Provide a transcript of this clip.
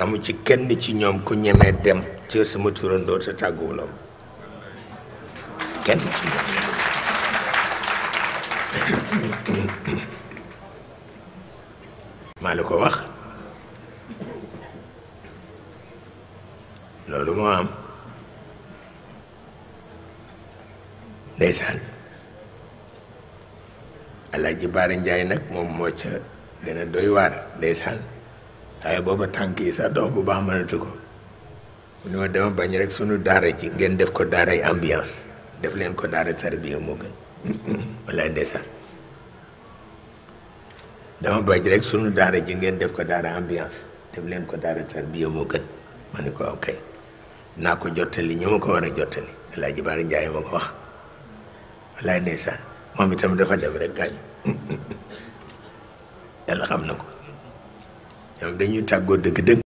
amu ci kenn ci ñoom ku ñemee dem ci sama turandoo te tàgguwulam kenn maa la ko wax loolu moo am ndeysaan Alaaji Baara Njaay nag moom moo ca gën a doy waar ndeysaan waaye booba tànk yi sax dox bu baax mënatu ko mu ne ma dama bañ rek sunu daara ji ngeen def ko daaray ambiance def leen ko daara tarbiya moo gën wala ndeysaan dama bañ rek sunu daara ji ngeen def ko daara ambiance def leen ko daara tarbiya moo gën ma ne ko waaw naa ko jottali ñu ma ko war a jottali El Hadj Bara ma ko wax wala ndeysaan moom itam dafa dem rek gaañu yàlla xam na ko. ñoom dañuy tàggoo dëgg-dëgg